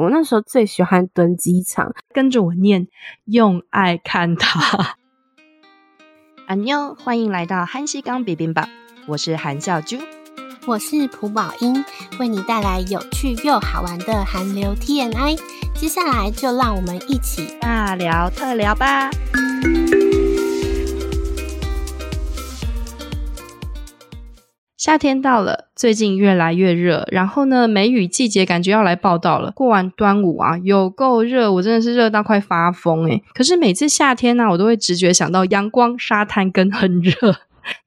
我那時候最喜歡蹲機場，跟着我念“用愛看他”。安妞，歡迎來到韓食柑 bibimbap，我是韓笑啾，我是飽英，為你帶來有趣又好玩的韓流 T N I。接下來就讓我們一起大聊特聊吧。夏天到了，最近越來越熱，然後呢，梅雨季節感覺要來報到了。過完端午啊，有夠熱，我真的是熱到快發瘋哎、欸！可是每次夏天呢、啊，我都會直覺想到陽光、沙灘跟很熱。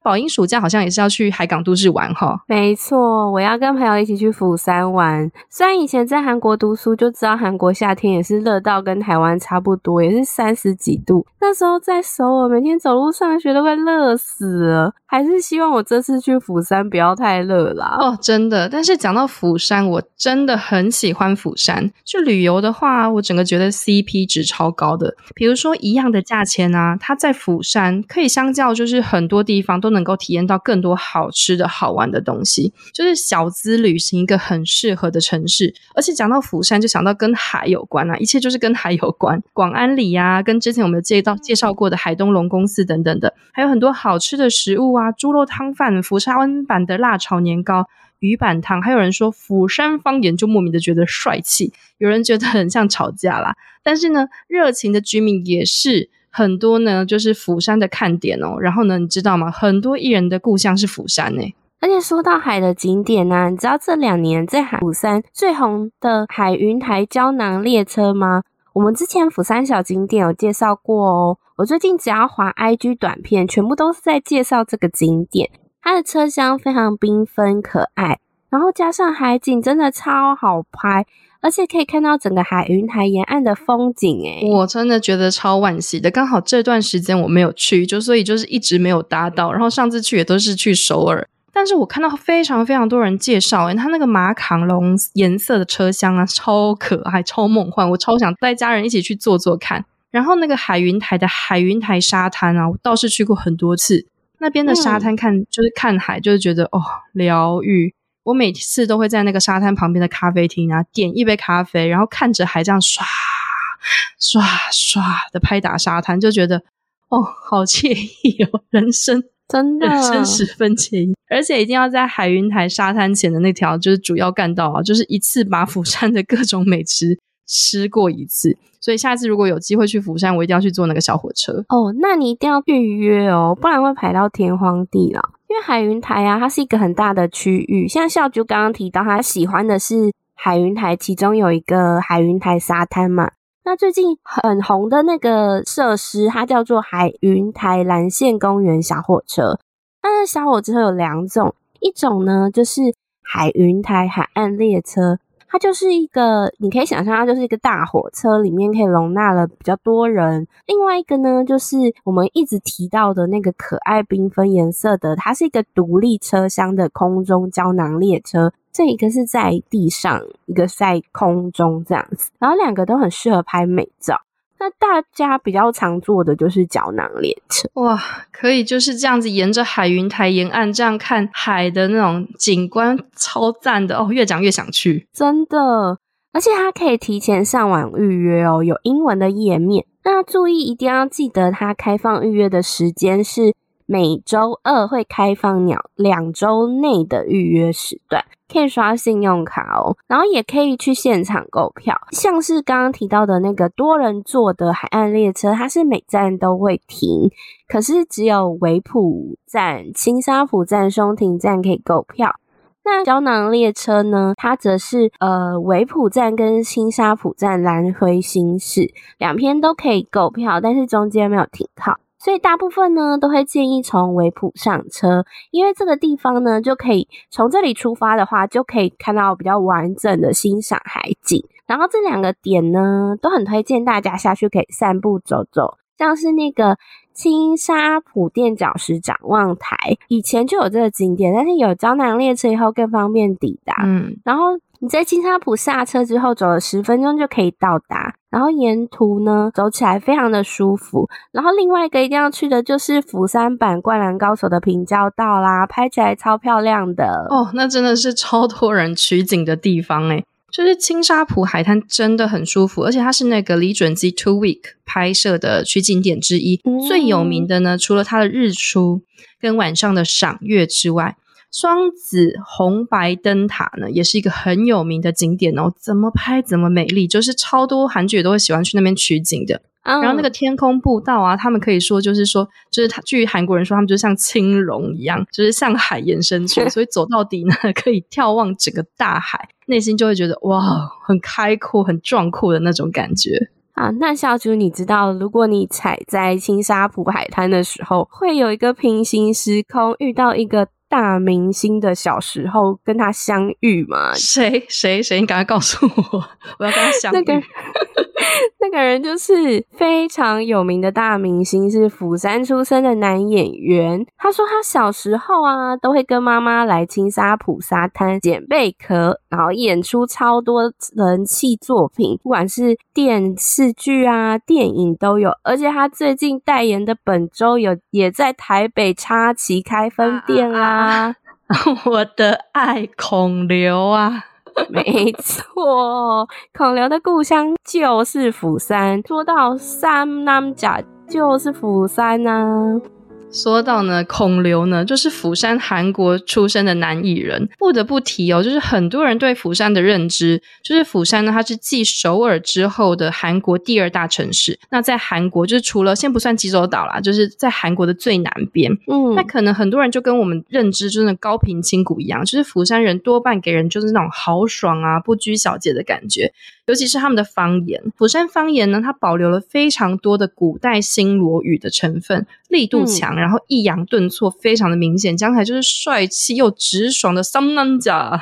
飽英暑假好像也是要去海港都市玩哈，沒錯，我要跟朋友一起去釜山玩。雖然以前在韓國讀書就知道韓國夏天也是熱到跟台灣差不多，也是三十幾度。那時候在首爾，每天走路上學都快熱死了。還是希望我這次去釜山不要太熱啦、啊。哦，oh, 真的。但是講到釜山，我真的很喜歡釜山。去旅遊的話，我整個覺得 CP 值超高的。比如說一樣的價錢啊，它在釜山可以相較就是很多地方都能夠體驗到更多好吃的好玩的、東西，就是小資旅行一個很適合的城市。而且講到釜山，就想到跟海有關啊，一切就是跟海有關。廣安里啊，跟之前我們介紹介紹過的海東龍宮寺等等的，還有很多好吃的食物啊。豬肉湯飯、釜山版的辣炒年糕、魚板湯，還有人說釜山方言就莫名的覺得帥氣，有人覺得很像吵架啦。但是呢，熱情的居民也是很多呢，就是釜山的看點哦。然後呢，你知道嗎？很多藝人的故鄉是釜山呢、欸。而且說到海的景點呢、啊，你知道這兩年在釜山最紅的海雲台膠囊列車嗎？我們之前釜山小景點有介紹過哦。我最近只要滑 IG 短片，全部都是在介紹這個景點。它的車廂非常繽紛可愛，然後加上海景，真的超好拍，而且可以看到整個海雲台沿岸的風景，欸。誒。我真的覺得超惋惜的，剛好這段時間我沒有去，就所以就是一直沒有搭到。然後上次去也都是去首爾，但是我看到非常非常多人介紹，誒，它那個馬卡龍顏色的車廂啊，超可愛，超夢幻，我超想帶家人一起去坐坐看。然後那個海雲台的海雲台沙灘啊，我倒是去過很多次。那邊的沙灘看、嗯、就是看海，就是覺得哦，療癒。我每次都會在那個沙灘旁邊的咖啡廳啊，點一杯咖啡，然後看着海這樣唰唰唰的拍打沙灘，就覺得哦，好愜意哦，人生真的人生十分愜意。 而且一定要在海雲台沙灘前的那條就是主要幹道啊，就是一次把釜山的各種美食。吃過一次，所以下次如果有機會去釜山，我一定要去坐那個小火車。哦，oh, 那你一定要預約哦，不然會排到天荒地老。因為海雲台啊，它是一個很大的區域，像笑啾剛剛提到，他喜歡的是海雲台，其中有一個海雲台沙灘嘛。那最近很紅的那個設施，它叫做海雲台藍線公園小火車。那小火車有兩種，一種呢就是海雲台海岸列車。它就是一個，你可以想象，它就是一個大火車裡面可以容納了比較多人。另外一個呢，就是我們一直提到的那個可愛繽紛顏色的，它是一個獨立車廂的空中膠囊列車。這一個是在地上，一個在空中這樣子，然後兩個都很適合拍美照。那大家比較常坐的就是膠囊列車哇，可以就是這樣子沿着海雲台沿岸這樣看海的那種景觀超讚，超讚的哦！越講越想去，真的。而且它可以提前上網預約哦，有英文的頁面。那注意一定要記得，它開放預約的時間是每周二會開放兩兩週內的預約時段。可以刷信用卡哦，然後也可以去現場購票。像是剛剛提到的那個多人坐的海岸列車，它是每站都會停，可是只有尾浦站、青沙浦站、松亭站可以購票。那膠囊列車呢？它則是呃尾浦站跟青沙浦站來回行駛，兩邊都可以購票，但是中間沒有停靠。所以大部分呢都會建議從尾浦上車，因為這個地方呢，就可以從這裡出發的話，就可以看到比較完整的欣賞海景。然後這兩個點呢都很推薦大家下去可以散步走走，像是那個青沙浦墊腳石展望台，以前就有這個景點，但是有膠囊列車以後更方便抵達。嗯，然後你在青沙浦下車之後走了十分鐘就可以到達。然後沿途呢，走起來非常的舒服。然後另外一個一定要去的就是釜山版《灌籃高手》的平交道啦，拍起來超漂亮的。哦，那真的是超多人取景的地方哎，就是青沙浦海灘真的很舒服，而且它是那個李準基《Two Week》拍攝的取景點之一，嗯。最有名的呢，除了它的日出跟晚上的賞月之外，雙子紅白燈塔呢，也是一個很有名的景點哦，怎麼拍怎麼美麗，就是超多韓劇都會喜歡去那邊取景的。Um, 然後那個天空步道啊，他們可以說就是說，就是他據韓國人說，他們就像青龍一樣，就是像海延伸出來。 所以走到底呢，可以眺望整個大海，內心就會覺得哇，很開闊、很壯闊的那種感覺啊。好，那小啾，你知道，如果你踩在青沙浦海灘的時候，會有一個平行時空遇到一個。大明星的小時候跟他相遇嘛？誰誰誰？你趕快告訴我，我要跟他相遇。 那個、 那個人就是非常有名的大明星，是釜山出身的男演員。他說他小時候啊，都會跟媽媽來青沙浦沙灘撿貝殼，然後演出超多人氣作品，不管是電視劇啊、電影都有。而且他最近代言的本周有也在台北插旗開分店啦、啊。啊啊啊啊啊， 我的愛孔劉啊！ 沒錯，孔劉的故鄉就是釜山。說到三男假，就是釜山吶、啊。說到呢，孔劉呢，就是釜山韓國出生的男藝人。不得不提哦，就是很多人對釜山的認知，就是釜山呢，它是繼首爾之後的韓國第二大城市。那在韓國，就是除了先不算濟州島啦，就是在韓國的最南邊。嗯，那可能很多人就跟我們認知就是那高平輕骨一樣，就是釜山人多半給人就是那種豪爽啊、不拘小節的感覺。尤其是他們的方言，釜山方言呢，它保留了非常多的古代新羅語的成分，力度強，嗯、然後抑揚頓挫非常的明顯，講起來就是帥氣又直爽的三南家。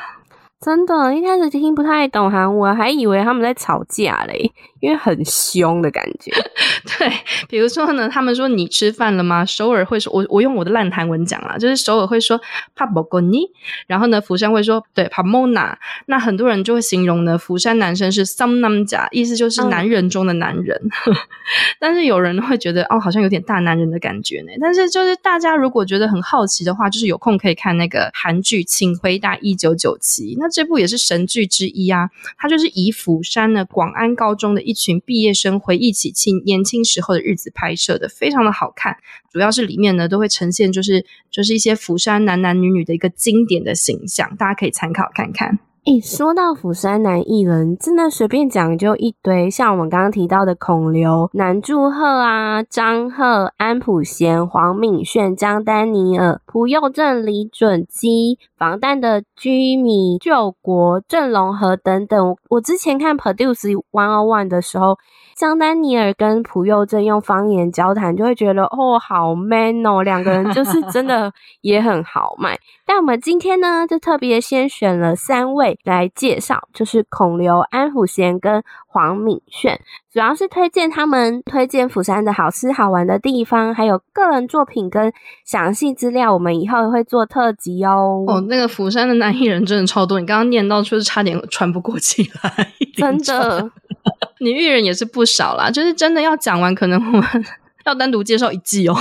真的，一開始聽不太懂韓，我還以為他們在吵架嘞，因為很凶的感覺。 對，比如說呢，他們說你吃飯了嗎？首爾會說，我我用我的爛韓文講啦，就是首爾會說帕博古尼，然後呢，釜山會說對帕摩娜，那很多人就會形容呢，釜山男生是 sonamja，意思就是男人中的男人。 但是有人會覺得哦，好像有點大男人的感覺呢。但是就是大家如果覺得很好奇的話，就是有空可以看那個韓劇，請回答一九九七那。這部也是神劇之一啊，它就是以釜山的廣安高中的一群畢業生回憶起青年輕時候的日子拍攝的，非常的好看。主要是裡面呢都會呈現，就是就是一些釜山男男女女的一個經典的形象，大家可以參考看看。哎，誒說到釜山男藝人，真的隨便講就一堆，像我們剛剛提到的孔劉、南柱赫啊、張赫、安普賢、黃旼炫、姜丹尼爾、朴佑鎮、李準基、防彈的智旻、柾國、鄭容和等等。我之前看 Produce 101的時候，姜丹尼爾跟朴佑鎮用方言交談，就會覺得哦，好 man 哦，兩個人就是真的也很豪邁。 那我們今天呢，就特別先選了三位來介紹，就是孔劉、安普賢跟黃旼炫，主要是推薦他們推薦釜山的好吃好玩的地方，還有個人作品跟詳細資料，我們以後會做特輯哦。哦，那個釜山的男藝人真的超多，你剛剛念到就是差點喘不過氣來，真的，女藝 人也是不少啦，就是真的要講完，可能我們要單獨介紹一季哦。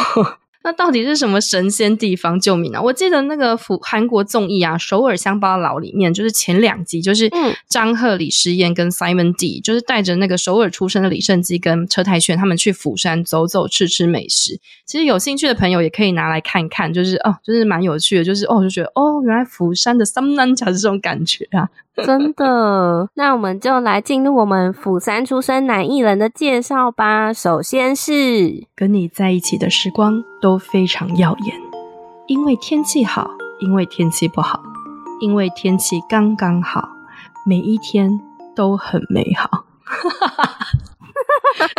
那到底是什麼神仙地方救命啊？啊，我記得那個釜韓國綜藝啊，《首爾鄉巴佬》裡面，就是前兩集，就是張赫、李時燕跟 Simon D、嗯、就是帶着那個首爾出生的李勝基跟車太鉉他們去釜山走走，吃吃美食。其實有興趣的朋友也可以拿來看一看，就是哦，就是蠻有趣的，就是哦，就覺得哦，原來釜山的三男甲是這種感覺啊。 真的，那我們就來進入我們釜山出生男藝人的介紹吧。首先是跟你在一起的時光都非常耀眼，因為天氣好，因為天氣不好，因為天氣剛剛好，每一天都很美好。哈哈哈哈哈！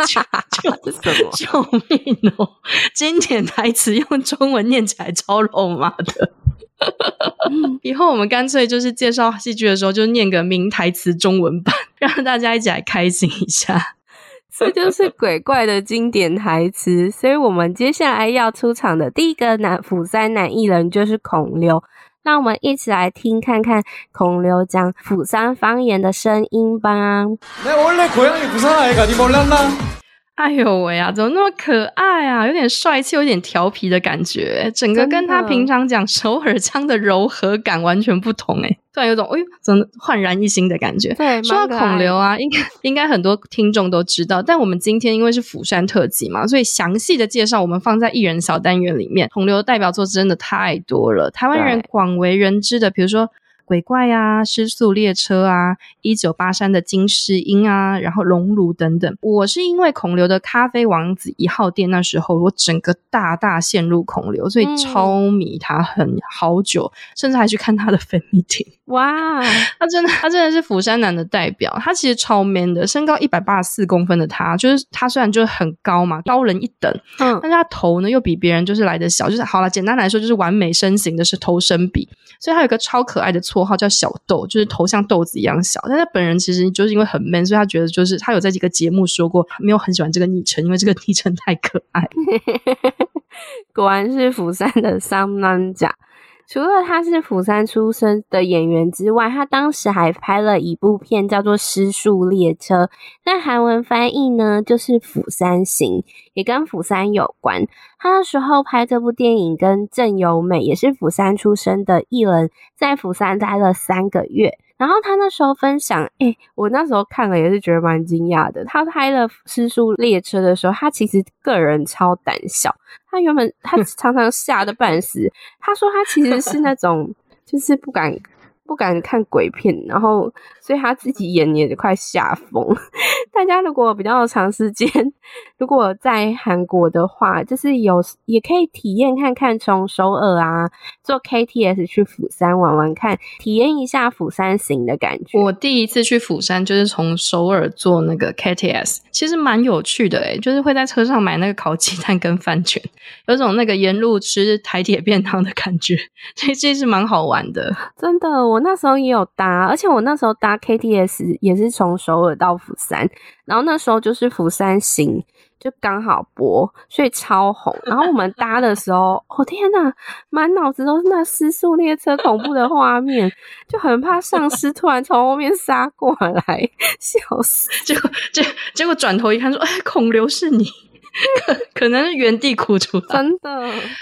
救命！救命！哦，經典台詞用中文念起來超肉麻的。 以後我們乾脆就是介紹戲劇的時候，就念個名台詞中文版，讓大家一起來開心一下。 這就是鬼怪的經典台詞。所以我們接下來要出場的第一個男釜山男藝人就是孔劉，那我們一起來聽看看孔劉講釜山方言的聲音吧。音音哎呦喂啊，怎麼那麼可愛啊？有點帥氣，有點調皮的感覺，整個跟他平常講首爾腔的柔和感完全不同哎，突然有種哎怎麼煥然一新的感覺。對，說到孔劉啊， 應該應該很多聽眾都知道，但我們今天因為是釜山特輯嘛，所以詳細的介紹我們放在藝人小單元裡面。孔劉的代表作真的太多了，台灣人廣為人知的，對比如說。鬼怪啊，失速列車啊，一九八三的金智英啊，然後熔爐等等。我是因為孔劉的《咖啡王子》一號店，那時候我整個大大陷入孔劉，所以超迷他很，很、嗯、好久，甚至還去看他的粉絲 meeting。哇，他真的，他真的是釜山男的代表。他其實超 man 的，身高一百八十四公分的他，就是他雖然就是很高嘛，高人一等，嗯，但是他頭呢又比別人就是來得小，就是好了，簡單來說就是完美身形的是頭身比，所以他有一個超可愛的。綽號叫小豆，就是頭像豆子一樣小。但他本人其實就是因為很悶，所以他覺得就是他有在幾個節目說過，沒有很喜歡這個昵稱因為這個昵稱太可愛。 果然是釜山的三男甲。除了他是釜山出生的演員之外，他當時還拍了一部片叫做《屍速列車》，那韓文翻譯呢，就是《釜山行》，也跟釜山有關。他那時候拍這部電影跟，跟鄭有美也是釜山出生的藝人，在釜山待了三個月。然後他那時候分享，誒、欸，我那時候看了也是覺得蠻驚訝的。他拍了《屍速列車》的時候，他其實個人超膽小，他原本他常常嚇得半死。 他說他其實是那種，就是不敢。不敢看鬼片，然後所以他自己演也快嚇瘋。 大家如果比較長時間，如果在韓國的話，就是有也可以體驗看看、啊，從首爾啊坐 K T X 去釜山玩玩看，體驗一下釜山行的感覺。我第一次去釜山就是從首爾坐那個 K T X，其實蠻有趣的哎、欸，就是會在車上買那個烤雞蛋跟飯卷，有種那個沿路吃台鐵便當的感覺，所以這是蠻好玩的，真的。我那時候也有搭，而且我那時候搭 KTX 也是從首爾到釜山，然後那時候就是釜山行就剛好播，所以超紅。然後我們搭的時候， 哦天哪、啊，滿腦子都是那屍速列車恐怖的畫面， 就很怕喪屍突然從後面殺過來，笑死。結果結結果轉頭一看，說：“哎，孔劉是你。” 可能原地哭出來，真的。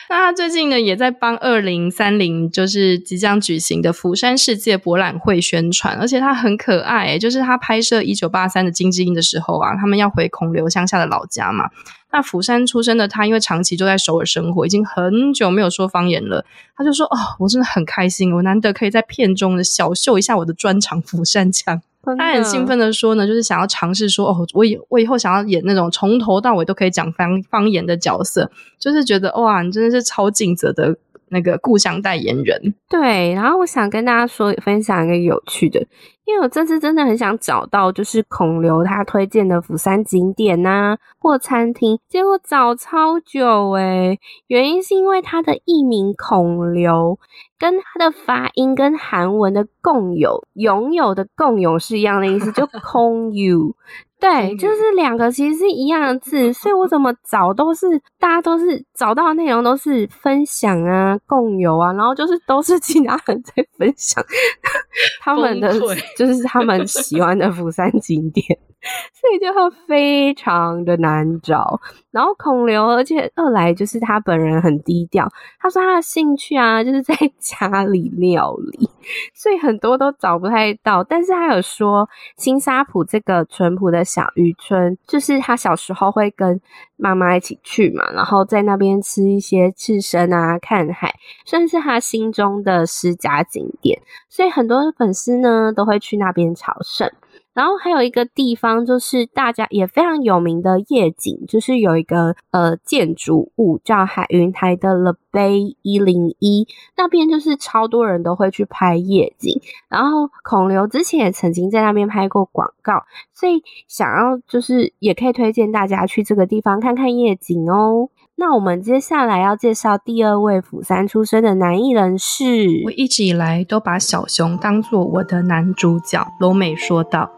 那他最近呢，也在幫二零三零，就是即將舉行的釜山世界博覽會宣傳。而且他很可愛，就是他拍攝一九八三的金智英的時候啊，他們要回孔劉鄉下的老家嘛。那釜山出生的他，因為長期就在首爾生活，已經很久沒有說方言了。他就說：“哦，我真的很開心，我難得可以在片中的小秀一下我的專長釜山腔。”他很興奮地說呢，的就是想要嘗試說哦，我以我以後想要演那種從頭到尾都可以講方方言的角色，就是覺得哇，你真的是超盡責的。那個故鄉代言人，對，然後我想跟大家說分享一個有趣的，因為我這次真的很想找到就是孔劉他推薦的釜山景點吶、啊、或餐廳，結果找超久哎、欸，原因是因為他的藝名孔劉跟他的發音跟韓文的共有、擁有的共有是一樣的意思， 就空有。對，就是兩個其實是一樣的字，嗯，所以我怎麼找都是，大家都是找到的內容都是分享啊、共有啊，然後就是都是其他人在分享他們的，崩潰。就是他們喜歡的釜山景點。所以就非常的難找，然後孔劉，而且二來就是他本人很低調。他說他的興趣啊，就是在家裡料理，所以很多都找不太到。但是他有說，青沙浦這個淳樸的小漁村，就是他小時候會跟媽媽一起去嘛，然後在那邊吃一些刺身啊，看海，算是他心中的私家景點。所以很多的粉絲呢，都會去那邊朝聖。然後還有一個地方，就是大家也非常有名的夜景，就是有一個呃建築物叫海雲台的了，BAY 101那邊就是超多人都會去拍夜景，然後孔劉之前也曾經在那邊拍過廣告，所以想要就是也可以推薦大家去這個地方看看夜景哦。那我們接下來要介紹第二位釜山出身的男藝人是，我一直以來都把小熊當作我的男主角。羅美說道。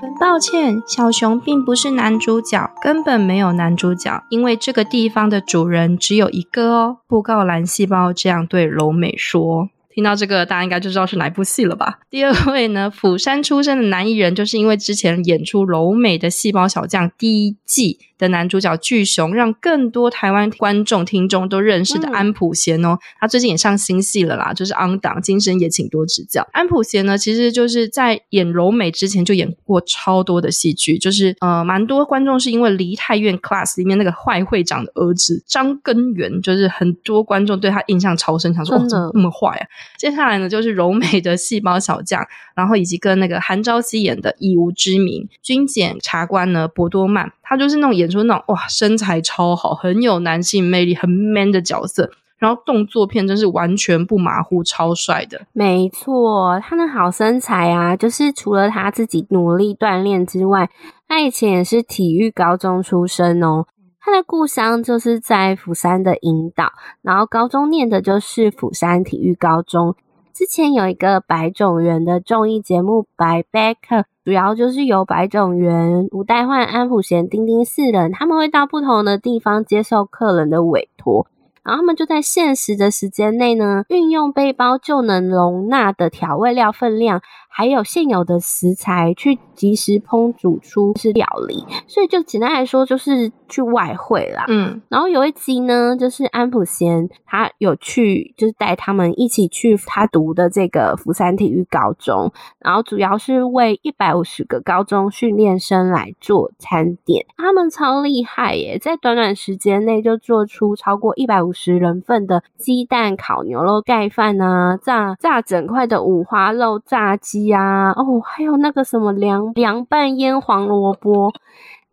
很抱歉，小熊並不是男主角，根本沒有男主角，因為這個地方的主人只有一個哦。布告藍細胞這樣對柔美說。聽到這個，大家應該就知道是哪一部戲了吧？第二位呢，釜山出身的男藝人，就是因為之前演出柔美的《細胞小將》第一季的男主角巨雄，讓更多台灣觀眾聽眾都認識的安普賢哦。嗯、他最近也上新戲了啦，就是 on 檔，今生也請多指教。安普賢呢，其實就是在演柔美之前就演過超多的戲劇，就是呃，蠻多觀眾是因為《梨泰院 class》裡面那個壞會長的兒子張根源。就是很多觀眾對他印象超深，常說哇的、哦，怎麼那麼壞呀、啊？接下來呢，就是柔美的細胞小將，然後以及跟那個韓昭希演的《以吾之名》軍檢察官呢博多曼，他就是那種演出那種哇身材超好，很有男性魅力，很 man 的角色，然後動作片真是完全不馬虎，超帥的。沒錯，他的好身材啊，就是除了他自己努力鍛鍊之外，他以前也是體育高中出身哦。他的故鄉就是在釜山的影島，然後高中念的就是釜山體育高中。之前有一個白種元的綜藝節目《白 Backer》，主要就是由白種元吳代煥、安普賢、丁丁四人，他們會到不同的地方接受客人的委托，然後他們就在限時的時間內呢，運用背包就能容納的調味料分量，還有現有的食材，去及時烹煮出是料理。所以就簡單來說，就是去外燴啦。嗯。然後有一集呢，就是安普賢他有去，就是帶他們一起去他讀的這個釜山體育高中，然後主要是為一百五十個高中訓練生來做餐點。他們超厲害耶、欸，在短短時間內就做出超過一百五。五十人份的雞蛋、烤牛肉蓋飯啊，炸炸整塊的五花肉、炸雞啊，哦，還有那個什麼涼涼拌醃黃蘿蔔。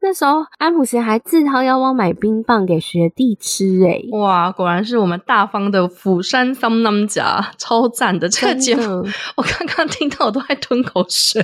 那時候安普賢還自掏腰包買冰棒給學弟吃哎、欸，哇，果然是我們大方的釜山桑拿家，超讚的這個節目，的我剛剛聽到我都在吞口水。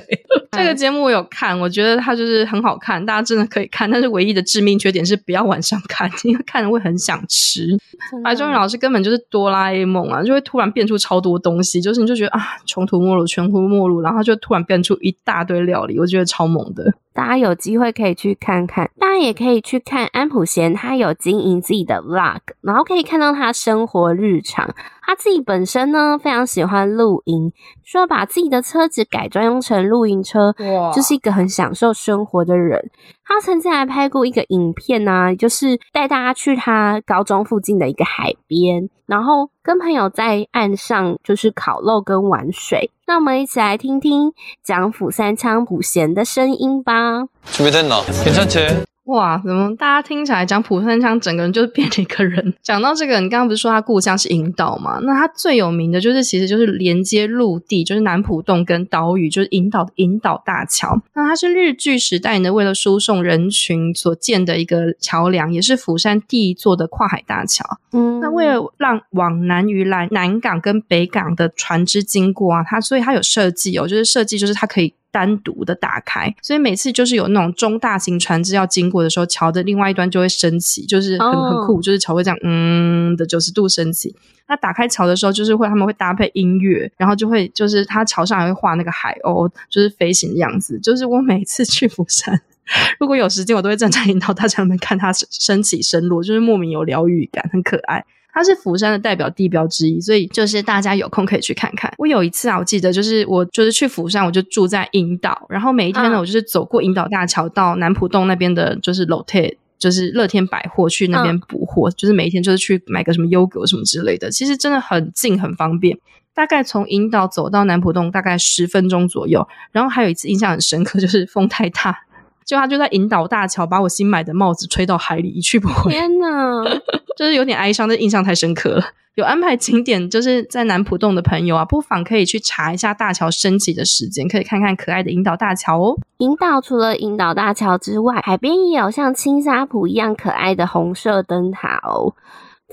對這個節目我有看，我覺得它就是很好看，大家真的可以看。但是唯一的致命缺點是不要晚上看，因為看了會很想吃。的白鐘元老師根本就是哆啦 A 夢啊，就會突然變出超多東西，就是你就覺得啊窮途末路窮途末路，然後就突然變出一大堆料理，我覺得超猛的。大家有機會可以去看。看看，大家也可以去看安普賢，他有經營自己的 Vlog，然後可以看到他生活日常。他自己本身呢，非常喜歡露營，說把自己的車子改裝用成露營車，哇就是一個很享受生活的人。他曾經還拍過一個影片啊，就是帶大家去他高中附近的一個海邊，然後跟朋友在岸上就是烤肉跟玩水。那我們一起來聽聽講釜山腔安普賢的聲音吧。準備電腦，田山崎。哇，怎麼大家聽起來講釜山腔整個人就是變成一個人？講到這個，你剛剛不是說他故鄉是影島嗎？那他最有名的就是，其實就是連接陸地，就是南浦洞跟島嶼，就是影島影島大橋。那它是日據時代呢，為了輸送人群所建的一個橋樑，也是釜山第一座的跨海大橋。嗯，那為了讓往南魚來，南港跟北港的船只經過啊，它所以它有設計哦，就是設計就是它可以。單獨的打開，所以每次就是有那種中大型船隻要經過的時候，橋的另外一端就會升起，就是很、oh. 很酷，就是橋會這樣嗯的九十度升起。那打開橋的時候，就是會他們會搭配音樂，然後就會就是它橋上還會畫那個海鷗，就是飛行的樣子。就是我每次去釜山，如果有時間，我都會站在影島大橋那邊看它升起、升落，就是莫名有療癒感，很可愛。它是釜山的代表地標之一，所以就是大家有空可以去看看。我有一次啊，我記得就是我就是去釜山，我就住在影島，然後每一天呢，嗯、我就是走過影島大橋到南浦洞那邊的，就是 lotte 就是樂天百貨去那邊補貨，嗯、就是每一天就是去買個什麼優格什麼之類的。其實真的很近，很方便，大概從影島走到南浦洞大概十分鐘左右。然後還有一次印象很深刻，就是風太大。就他就在影島大橋把我新買的帽子吹到海裡一去不回，天哪。就是有點哀傷，這印象太深刻了。有安排景點就是在南浦洞的朋友啊，不妨可以去查一下大橋升起的時間，可以看看可愛的影島大橋哦。影島除了影島大橋之外，海邊也有像青沙浦一樣可愛的紅色燈塔哦。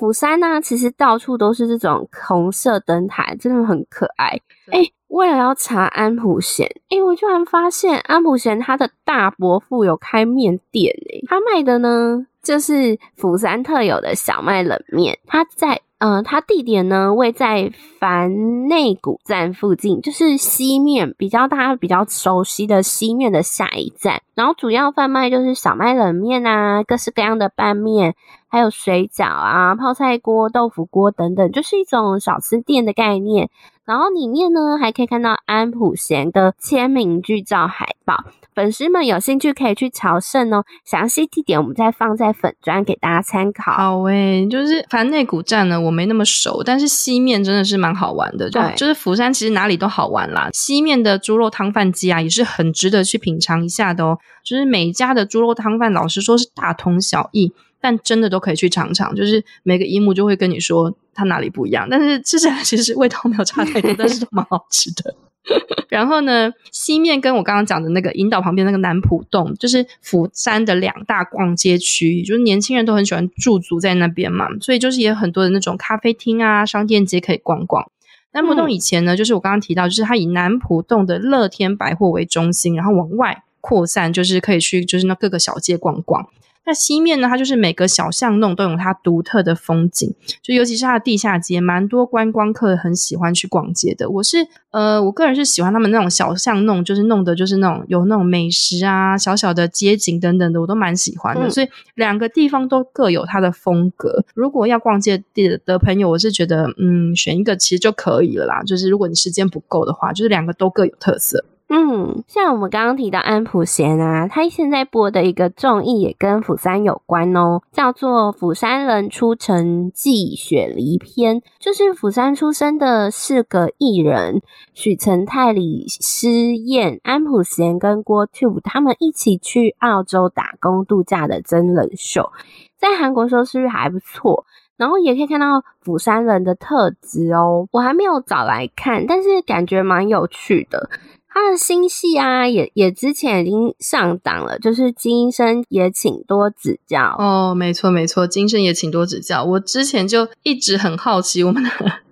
釜山呢、啊，其實到處都是這種紅色燈台，真的很可愛。哎、欸，為了要查安普賢。哎、欸，我居然發現安普賢他的大伯父有開麵店哎、欸，他賣的呢就是釜山特有的小麥冷麵。他在。嗯、呃，它地點呢位在凡內谷站附近，就是西面比較大家比較熟悉的西面的下一站。然後主要販賣就是小麥冷麵啊，各式各樣的拌麵，還有水餃啊、泡菜鍋、豆腐鍋等等，就是一種小吃店的概念。然後裡面呢還可以看到安普賢的簽名劇照海報。粉絲們有興趣可以去朝聖哦，詳細地點我們再放在粉專給大家參考。好喂、欸，就是凡內骨站呢，我沒那麼熟，但是西面真的是蠻好玩的。對，就是釜山其實哪裡都好玩啦。西面的豬肉湯飯雞啊也是很值得去品嘗一下的哦、喔。就是每家的豬肉湯飯老實說是大同小異，但真的都可以去嘗嘗。就是每個姨母就會跟你說它哪裡不一樣，但是吃起來其實味道沒有差太多， 但是都蠻好吃的。 然後呢，西面跟我剛剛講的那個影島旁邊那個南浦洞，就是釜山的兩大逛街區，就是年輕人都很喜歡駐足在那邊嘛，所以就是也有很多的那種咖啡廳啊、商店街可以逛逛。南浦洞以前呢，嗯、就是我剛剛提到，就是它以南浦洞的樂天百貨為中心，然後往外擴散，就是可以去就是那各個小街逛逛。西面呢，它就是每個小巷弄都有它獨特的風景，就尤其是它的地下街，蠻多觀光客很喜歡去逛街的。我是呃，我個人是喜歡他們那種小巷弄，就是弄的就是那種有那種美食啊、小小的街景等等的，我都蠻喜歡的。嗯、所以兩個地方都各有它的風格。如果要逛街的的朋友，我是覺得嗯，選一個其實就可以了啦。就是如果你時間不夠的話，就是兩個都各有特色。嗯，像我們剛剛提到安普賢啊，他現在播的一個綜藝也跟釜山有關哦，叫做《釜山人出城記雪梨篇》，就是釜山出生的四個藝人許成泰、李詩燕、安普賢跟郭 TUBE 他們一起去澳洲打工度假的真人秀，在韓國收視率還不錯，然後也可以看到釜山人的特質哦。我還沒有找來看，但是感覺蠻有趣的。他的新戲啊，也也之前已經上檔了，就是今生也請多指教哦，沒錯沒錯，今生也請多指教，我之前就一直很好奇我們的。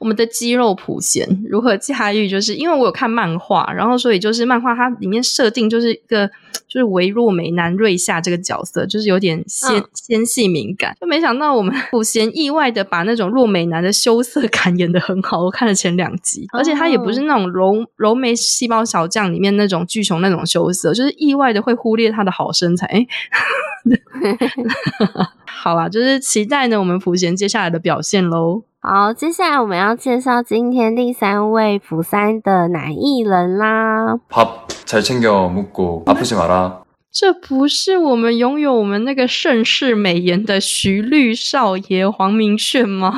我們的肌肉普賢如何駕馭？就是因為我有看漫畫，然後所以就是漫畫它裡面設定就是一個就是微弱美男瑞夏這個角色，就是有點纖、嗯、纖細敏感。就沒想到我們普賢意外的把那種弱美男的羞澀感演得很好。我看了前兩集，而且他也不是那種柔柔美細胞小將裡面那種具雄那種羞澀，就是意外的會忽略他的好身材。 好了、啊，就是期待呢我們普賢接下來的表現嘍。好，接下來我們要介紹今天第三位釜山的男藝人啦。밥잘챙겨먹고아프지마라。 啊、這不是我們擁有我們那個盛世美顏的徐律少爺黃旼炫嗎？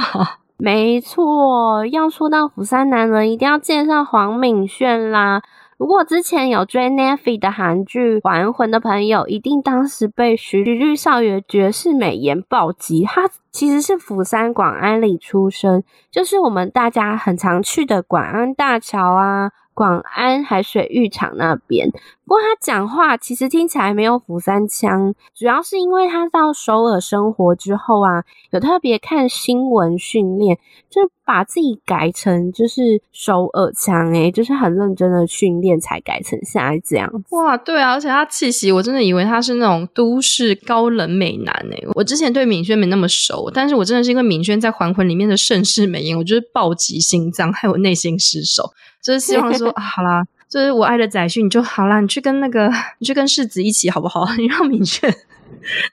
沒錯，要說到釜山男人，一定要介紹黃旼炫啦。如果之前有追 Netflix 的韓劇《還魂》的朋友，一定當時被徐律少爺絕世美顏暴擊。他其實是釜山廣安里出生，就是我們大家很常去的廣安大橋啊。廣安海水浴場那邊，不過他講話其實聽起來沒有釜山腔，主要是因為他到首爾生活之後啊，有特別看新聞訓練，就把自己改成就是首爾腔，欸，誒就是很認真的訓練才改成現在這樣子。哇，對啊，而且他氣息，我真的以為他是那種都市高冷美男誒、欸、我之前對旼炫沒那麼熟，但是我真的是因為旼炫在《還魂》裡面的盛世美顏，我就是暴擊心臟，還有我內心失守。就是希望說、啊，好啦，就是我愛的宰旭，你就好啦，你去跟那個，你去跟世子一起好不好？你讓旼炫，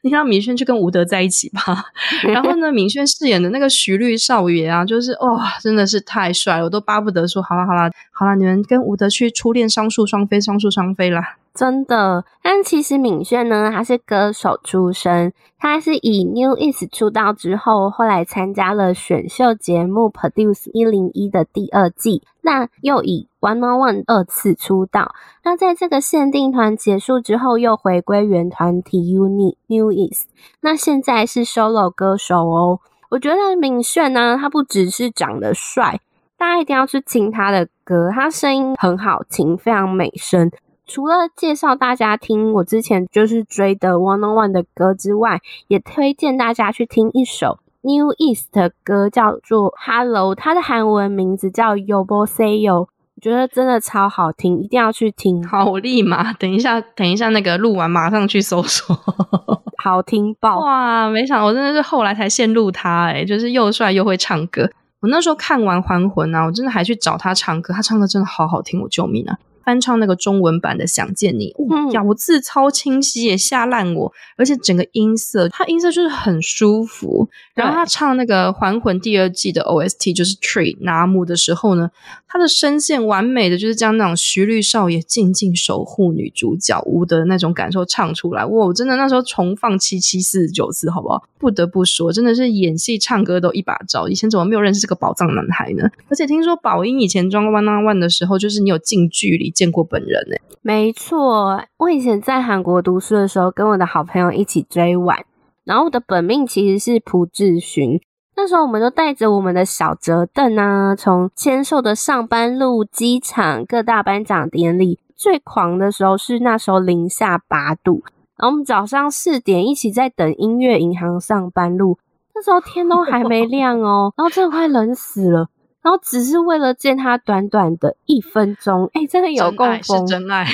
你讓旼炫去跟吳德在一起吧。然後呢，旼炫飾演的那個徐律少爺啊，就是哇、哦，真的是太帥了，我都巴不得說，好啦好啦好啦，你們跟吳德去初戀雙宿雙飛，雙宿雙飛啦。真的，但其實旼炫呢，他是歌手出身。他是以 New East 出道之後，後來參加了選秀節目 Produce 一零一的第二季，那又以 Wanna One 二次出道。那在這個限定團結束之後，又回歸原團體 UNI New East。那現在是 solo 歌手哦。我覺得旼炫呢、啊，他不只是長得帥，大家一定要去聽他的歌，他聲音很好聽，非常美聲。除了介紹大家聽我之前就是追的101的歌之外，也推薦大家去聽一首 New East 的歌，叫做 Hello，他的韓文名字叫 Yoboseyo，我覺得真的超好聽，一定要去聽。好，我立馬等一下，等一下那個錄完馬上去搜索。 好聽爆！哇，沒想到我真的是後來才陷入他。欸，哎，就是又帥又會唱歌。我那時候看完還魂啊，我真的還去找他唱歌，他唱歌真的好好聽，我救命啊！翻唱那個中文版的《想見你》，哇呀、嗯，咬字超清晰，也嚇爛我，而且整個音色，他音色就是很舒服。對然後他唱那個《還魂》第二季的 OST，就是《Tree 拿木的時候呢，他的聲線完美的就是將那種徐律少爺靜靜守護女主角屋的那種感受唱出來。哇，我真的那時候重放七七四十九次，好不好？不得不說，真的是演戲、唱歌都一把罩。以前怎麼沒有認識這個寶藏男孩呢？而且聽說飽英以前裝 One on One 的時候，就是你有近距離。見過本人哎、欸，沒錯，我以前在韓國讀書的時候，跟我的好朋友一起追完，然後我的本命其實是朴智勳。那時候，我們就帶着我們的小折凳啊，從簽售的上班路、機場各大頒獎典禮，最狂的時候是那時候零下八度，然後我們早上四點一起在等音樂銀行上班路，那時候天都還沒亮哦、喔， 然後真的快冷死了。然後只是為了見他短短的一分鐘，哎、欸，真的有夠瘋，是真愛，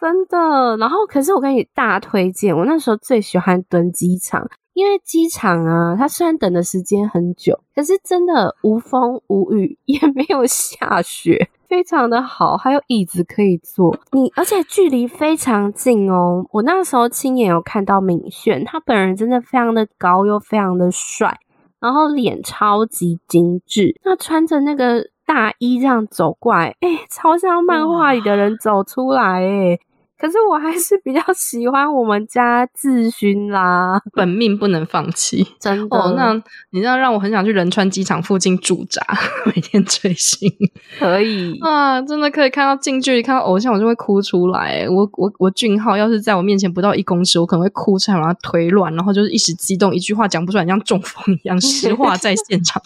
真的。然後，可是我跟你大推薦，我那時候最喜歡蹲機場，因為機場啊，它雖然等的時間很久，可是真的無風無雨，也沒有下雪，非常的好，還有椅子可以坐，你而且距離非常近哦。我那時候親眼有看到旼炫，他本人真的非常的高，又非常的帥。然後臉超級精緻，那穿着那個大衣這樣走過來，哎、欸，超像漫畫裡的人走出來、欸，哎哇。可是我還是比較喜歡我們家志勳啦，本命不能放棄，真的哦。那你這樣讓我很想去仁川機場附近駐紮，每天追星可以啊，真的可以看到近距離看到偶像，我就會哭出來。我我我俊昊要是在我面前不到一公尺，我可能會哭出來，把他推亂，然後就是一時激動，一句話講不出來，像中風一樣石化在現場。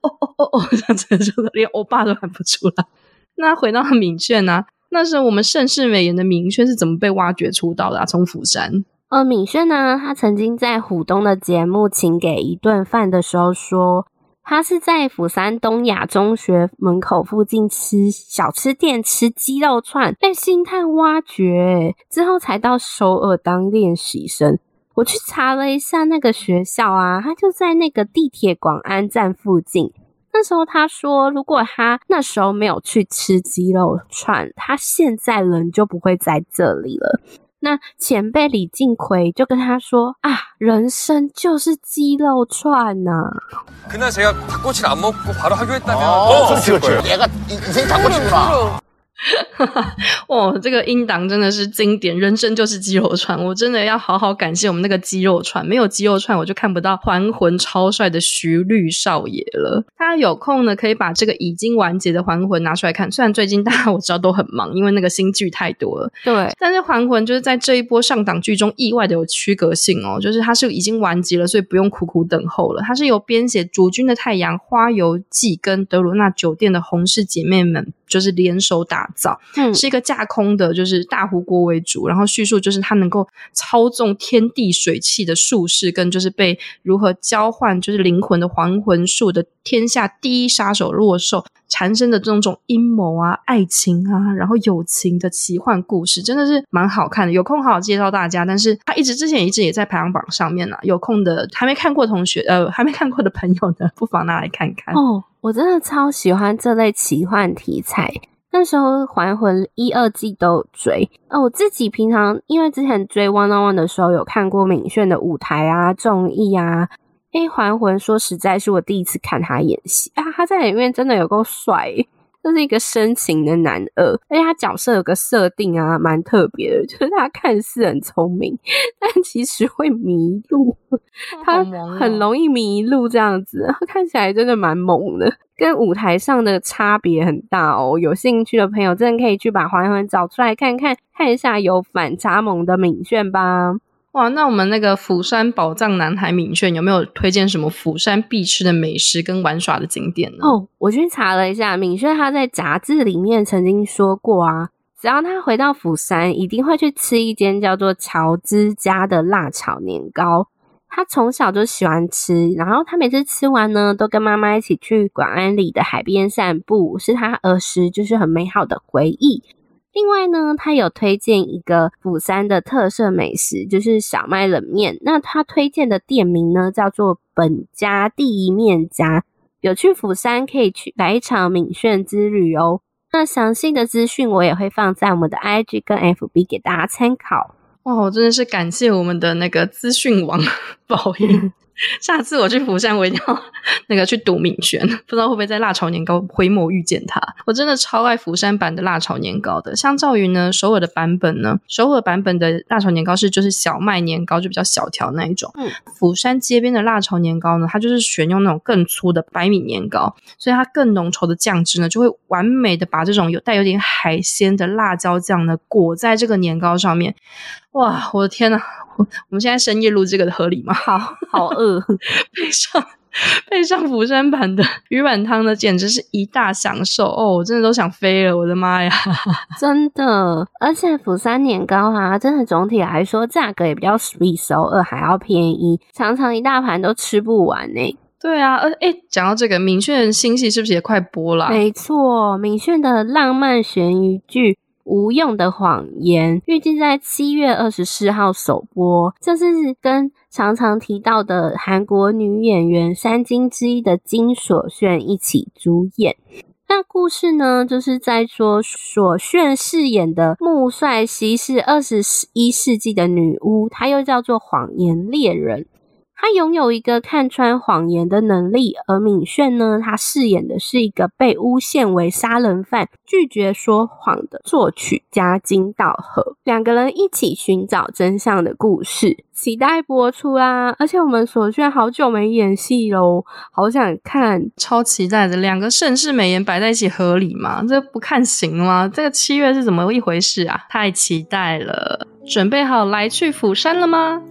哦哦哦哦，這樣子真的連歐巴都喊不出來。那回到旼炫呢、啊？那時候我們盛世美顏的旼炫是怎麼被挖掘出道的啊？從釜山。呃，旼炫呢，他曾經在虎東的節目《請給一頓飯》的時候說，他是在釜山東亞中學門口附近吃小吃店吃雞肉串，被星探挖掘，之後才到首爾當練習生。我去查了一下那個學校啊，他就在那個地鐵廣安站附近。那時候他說，如果他那時候沒有去吃雞肉串，他現在人就不會在這裡了。那前輩李靜奎就跟他說啊，人生就是雞肉串啊！我過」 哇，這個音檔真的是經典！人生就是雞肉串，我真的要好好感謝我們那個雞肉串。沒有雞肉串，我就看不到《還魂》超帥的徐律少爺了。大家有空呢，可以把這個已經完結的《還魂》拿出來看。雖然最近大家我知道都很忙，因為那個新劇太多了。對，但是《還魂》就是在這一波上檔劇中意外的有區隔性哦，就是它是已經完結了，所以不用苦苦等候了。它是由編寫《主君的太陽》《花遊記》跟《德魯納酒店》的洪氏姐妹們。就是聯手打造，嗯、是一個架空的，就是大湖國為主，然後敘述就是他能夠操縱天地水氣的術士，跟就是被如何交換就是靈魂的還魂術的天下第一殺手洛獸產生的種種陰謀啊、愛情啊，然後友情的奇幻故事，真的是蠻好看的。有空好好介紹大家。但是它一直之前一直也在排行榜上面呢。有空的還沒看過同學呃，還沒看過的朋友呢，不妨拿來看看哦。我真的超喜歡這類奇幻題材，那時候《還魂》一二季都有追。呃、啊，我自己平常因為之前追《汪汪汪》的時候，有看過旼炫的舞台啊、綜藝啊。因為《還魂》說實在是我第一次看他演戲啊，他在裡面真的有夠帥、欸。這是一個深情的男二，而且他角色有個設定啊，蠻特別的。就是他看似很聰明，但其實會迷路，他很容易迷路這樣子。看起來真的蠻猛的，跟舞台上的差別很大哦。有興趣的朋友，真的可以去把還魂找出來看看，看一下有反差萌的旼炫吧。哇，那我們那個釜山寶藏男孩旼炫有沒有推薦什麼釜山必吃的美食跟玩耍的景點呢？哦，我去查了一下，旼炫他在雜誌裡面曾經說過啊，只要他回到釜山，一定會去吃一間叫做“喬之家”的辣炒年糕。他從小就喜歡吃，然後他每次吃完呢，都跟媽媽一起去廣安里的海邊散步，是他兒時就是很美好的回憶。另外呢，他有推薦一個釜山的特色美食，就是小麥冷麵。那他推薦的店名呢，叫做本家第一麵家。有去釜山可以去來一場旼炫之旅哦。那詳細的資訊我也會放在我們的 IG 跟 FB 給大家參考。哇，我真的是感謝我們的那個資訊王飽英。 下次我去釜山，我一定要那個去堵旼炫，不知道會不會在辣炒年糕回眸遇見他。我真的超愛釜山版的辣炒年糕的。相較於呢，首爾的版本呢，首爾版本的辣炒年糕是就是小麥年糕，就比較小條那一種。嗯，釜山街邊的辣炒年糕呢，它就是選用那種更粗的白米年糕，所以它更濃稠的醬汁呢，就會完美的把這種有帶有點海鮮的辣椒醬呢裹在這個年糕上面。哇，我的天吶！我，我們現在深夜錄這個的合理嗎？好好餓，配 上配上釜山版的魚丸湯呢，簡直是一大享受哦！Oh, 我真的都想飛了，我的媽呀， 真的！而且釜山年糕啊，真的總體來說價格也比較實惠，首爾還要便宜，常常一大盤都吃不完呢，欸。對啊，呃，哎，講到這個，旼炫的新戲是不是也快播了啊？沒錯，旼炫的浪漫懸疑劇。無用的謊言預計在七月二十四號首播，這、就是跟常常提到的韓國女演員三金之一的金所炫一起主演。那故事呢，就是在說所炫飾演的穆帥西是二十一世紀的女巫，她又叫做謊言獵人。他擁有一個看穿謊言的能力，而旼炫呢，他飾演的是一個被誣陷為殺人犯，拒絕說謊的作曲家金道赫，兩個人一起尋找真相的故事。期待播出啦！而且我們索炫好久沒演戲嘍，好想看，超期待的。兩個盛世美顏擺在一起合理嗎？這不看行嗎？這個七月是怎麼一回事啊？太期待了，準備好來去釜山了嗎？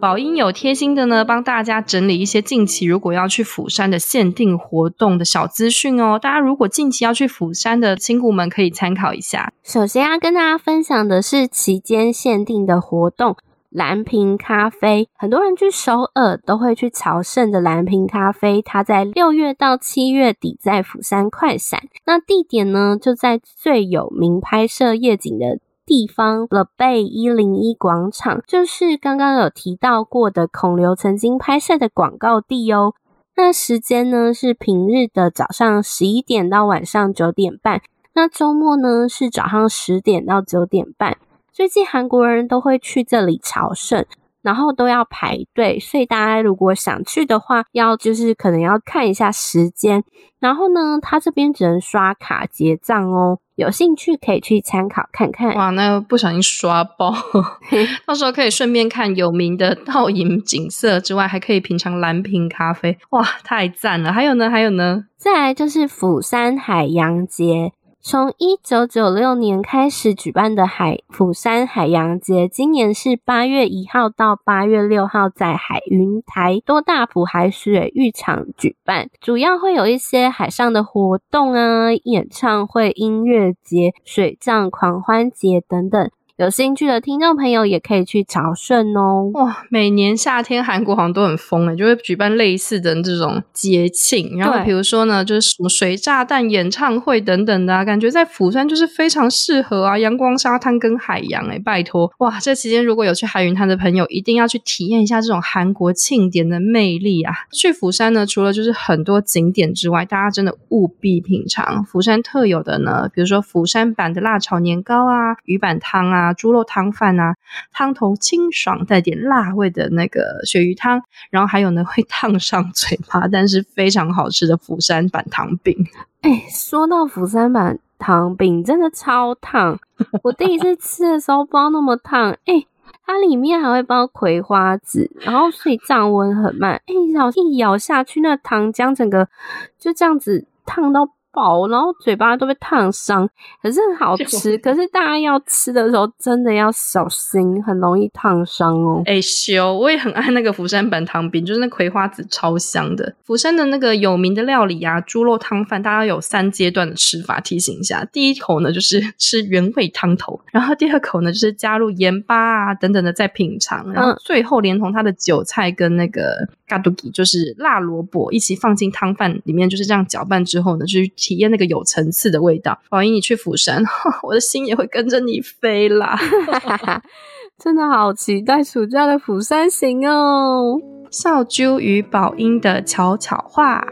飽英有貼心的呢，幫大家整理一些近期如果要去釜山的限定活動的小資訊哦。大家如果近期要去釜山的親故們可以參考一下。首先要跟大家分享的是期間限定的活動，藍瓶咖啡。很多人去首爾都會去朝聖的藍瓶咖啡，它在六月到七月底在釜山快閃，那地點呢，就在最有名拍攝夜景的。地方，THE BAY 101廣場，就是剛剛有提到過的孔劉曾經拍攝的廣告地哦。那時間呢是平日的早上十一點到晚上九點半，那周末呢是早上十點到九點半。最近韓國人都會去這裡朝聖。然後都要排隊，所以大家如果想去的話，要就是可能要看一下時間。然後呢，他這邊只能刷卡結賬哦。有興趣可以去參考看看。哇，那不小心刷爆， 到時候可以順便看有名的倒影景色之外，還可以品嘗藍瓶咖啡。哇，太讚了！還有呢，還有呢，再來就是釜山海洋節。從一九九六年開始舉辦的海釜山海洋節，今年是八月一號到八月六號，在海雲台多大浦海水浴場舉辦，主要會有一些海上的活動啊，演唱會、音樂節、水仗狂歡節等等。有興趣的聽眾朋友也可以去朝聖哦。哇，每年夏天韓國好像都很瘋哎、欸，就會舉辦類似的這種節慶，然後比如說呢，對就是什麼水炸彈演唱會等等的、啊，感覺在釜山就是非常適合啊，陽光沙灘跟海洋哎、欸，拜託。哇，這期間如果有去海雲灘的朋友，一定要去體驗一下這種韓國慶典的魅力啊。去釜山呢，除了就是很多景點之外，大家真的務必品嘗釜山特有的呢，比如說釜山版的辣炒年糕啊、魚板湯啊。豬肉湯飯啊，湯頭清爽，帶點辣味的那個鱈魚湯，然後還有呢，會燙上嘴巴，但是非常好吃的釜山版糖餅。哎，說到釜山版糖餅，真的超燙！我第一次吃的時候，包那麼燙， 哎，它裡面還會包葵花籽，然後所以降溫很慢。哎，一咬一咬下去，那糖漿整個就這樣子燙到。飽，然後嘴巴都被燙傷，可是很好吃。 可是大家要吃的時候真的要小心，很容易燙傷哦。哎修、欸，我也很愛那個釜山版湯餅，就是那葵花籽超香的。釜山的那個有名的料理啊，豬肉湯飯，大家有三階段的吃法，提醒一下：第一口呢就是吃原味湯頭，然後第二口呢就是加入鹽巴啊等等的再品嚐，然後最後連同它的韭菜跟那個嘎嘟雞，就是辣蘿蔔一起放進湯飯裡面，就是這樣攪拌之後呢，就是。體驗那個有層次的味道，飽英，你去釜山，我的心也會跟着你飛啦！ 真的好期待暑假的釜山行哦。笑啾與飽英的悄悄話，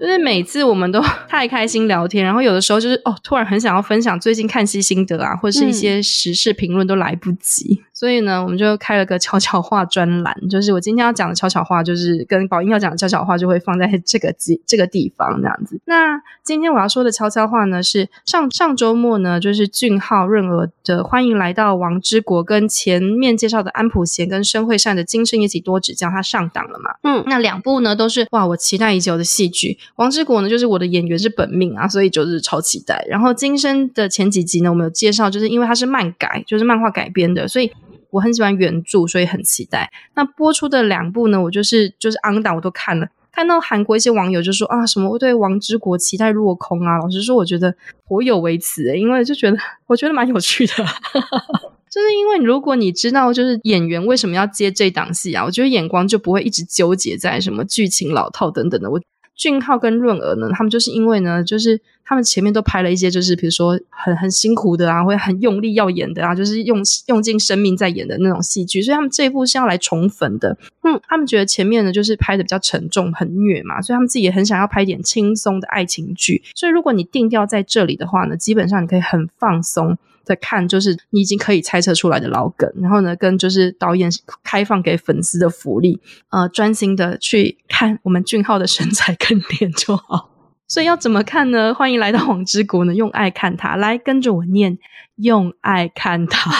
就是每次我們都太開心聊天，然後有的時候就是哦，突然很想要分享最近看戲心得啊，或是一些時事評論，都來不及。嗯所以呢，我們就開了個悄悄話專欄，就是我今天要講的悄悄話，就是跟寶英要講的悄悄話，就會放在這個這這個地方這樣子。那今天我要說的悄悄話呢，是上上周末呢，就是俊昊潤娥的《歡迎來到王之國》跟前面介紹的安普賢跟申惠善的《今生也請多指教》，他上檔了嘛？嗯，那兩部呢都是哇，我期待已久的戲劇《王之國》呢，就是我的演員是本命啊，所以就是超期待。然後《今生》的前幾集呢，我們有介紹，就是因為它是漫改，就是漫畫改編的，所以。我很喜歡原著，所以很期待。那播出的兩部呢，我就是就是 on 檔我都看了。看到韓國一些網友就說啊，什麼我對《王之國》期待落空啊。老實說，我覺得頗有微詞，欸，因為就覺得我覺得蠻有趣的。 就是因為如果你知道就是演員為什麼要接這檔戲啊，我覺得眼光就不會一直糾結在什麼劇情老套等等的。我。俊昊跟潤娥呢，他們就是因為呢，就是他們前面都拍了一些，就是比如說很很辛苦的啊，會很用力要演的啊，就是用用盡生命在演的那種戲劇，所以他們這一部是要來寵粉的。嗯，他們覺得前面呢就是拍的比較沉重、很虐嘛，所以他們自己也很想要拍點輕鬆的愛情劇。所以如果你定調在這裡的話呢，基本上你可以很放鬆。在看，就是你已經可以猜測出來的老梗，然後呢，跟就是導演開放給粉絲的福利，呃，專心的去看我們俊昊的身材跟臉就好。所以要怎麼看呢？歡迎來到《王之國》呢，用愛看他，來跟着我念，用愛看他。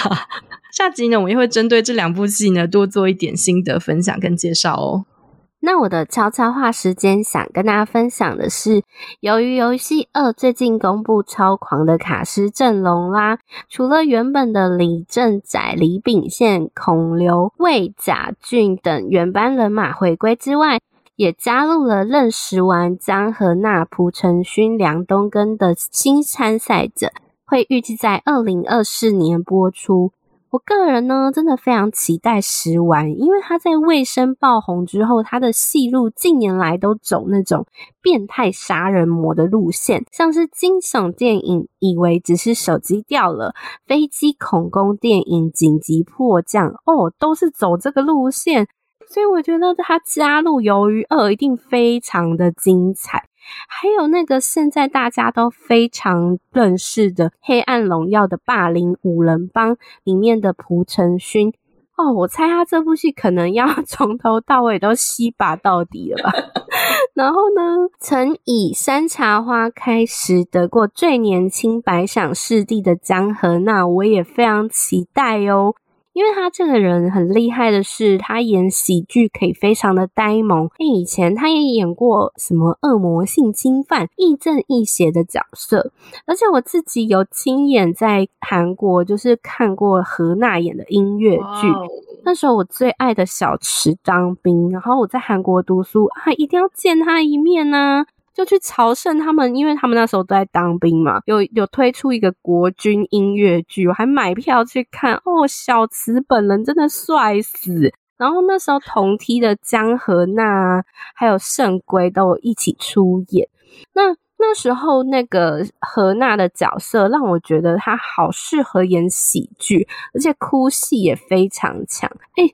下集呢，我也會針對這兩部戲呢，多做一點心得分享跟介紹哦。那我的悄悄話時間，想跟大家分享的是，由於《遊戲二》最近公布超狂的卡斯陣容啦，除了原本的李正宰、李秉憲、孔劉、魏甲俊等原班人馬回歸之外，也加入了認識完張和那蒲成勳、梁東根的新參賽者，會預計在二零二四年播出。我個人呢，真的非常期待時完，因為他在未生爆紅之後，他的戲路近年來都走那種變態殺人魔的路線，像是驚悚電影，以為只是手機掉了，飛機恐攻電影緊急迫降，哦，都是走這個路線。所以我覺得他加入《魷魚二》哦，一定非常的精彩，還有那個現在大家都非常認識的《黑暗榮耀》的霸凌五人幫裡面的朴成勳，哦，我猜他這部戲可能要從頭到尾都吸拔到底了吧。 然後呢，曾以《山茶花開時》得過最年輕百想視帝的姜河那，我也非常期待喲、哦因為他這個人很厲害的是，他演喜劇可以非常的呆萌。以前他也演過什麼惡魔性侵犯、亦正亦邪的角色。而且我自己有親眼在韓國就是看過何娜演的音樂劇，Wow. 那時候我最愛的小池當兵。然後我在韓國讀書啊，一定要見他一面呢、啊。就去朝聖，他們因為他們那時候都在當兵嘛，有有推出一個國軍音樂劇，我還買票去看哦。小池本人真的帥死，然後那時候同梯的姜河娜還有聖圭都一起出演。那那時候那個河娜的角色讓我覺得她好適合演喜劇，而且哭戲也非常強。哎、欸。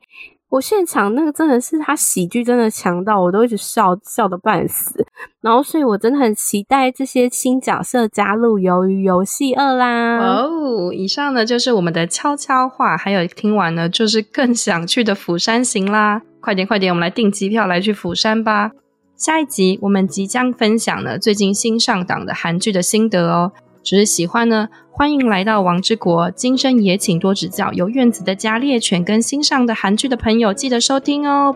我現場那個真的是他喜劇真的強到我都一直笑，笑得半死，然後所以我真的很期待這些新角色加入《魷魚遊戲二》啦。哦，oh, 以上呢就是我們的悄悄話，還有聽完呢就是更想去的《釜山行》啦。快點快點，我們來訂機票來去釜山吧。下一集我們即將分享呢最近新上檔的韓劇的心得哦。只是喜歡呢，歡迎來到王之國、今生也請多指教、有院子的家獵犬跟欣賞的韓劇的朋友，記得收聽哦。